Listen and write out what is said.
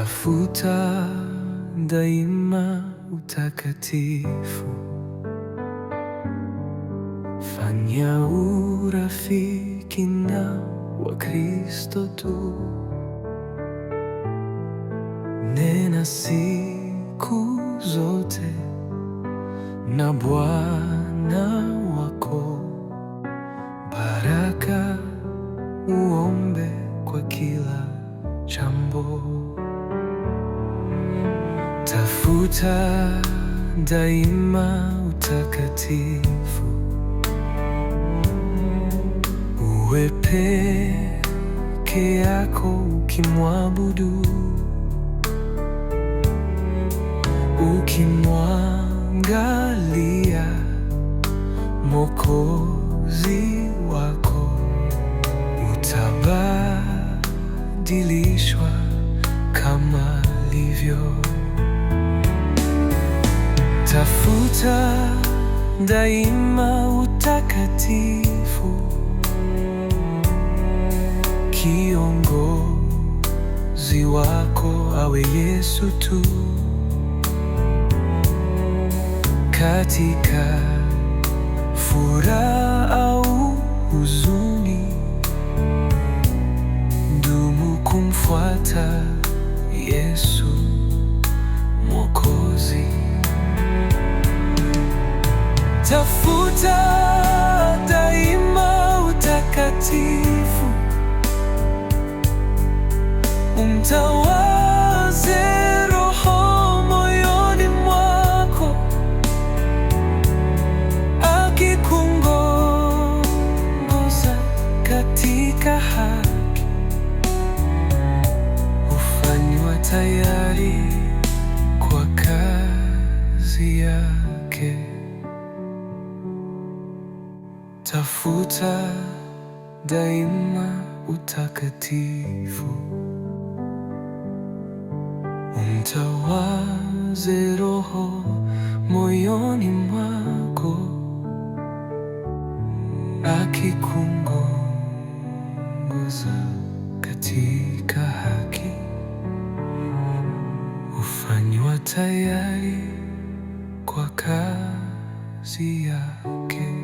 tafuta daima utakatifu, fanya urafiki na Wakristo tu, nena siku zote na Bwana wako, baraka uombe kwa kila jambo. Tafuta daima utakatifu, uwe peke yako ukimwabudu, ukimwangalia Mwokozi wako, utabadilishwa kama livyo tafuta daima utakatifu, kiongozi wako awe Yesu tu katika furaha au huzuni, dumu kumfuata Yesu mtakatifu umtawaze Roho moyoni mwako akikuongoza katika haki hufanywa tayari kwa kazi yake. Tafuta daima utakatifu, umtawaze Roho moyoni mwako akikuongoza katika haki, ufanywa tayari kwa kazi yake.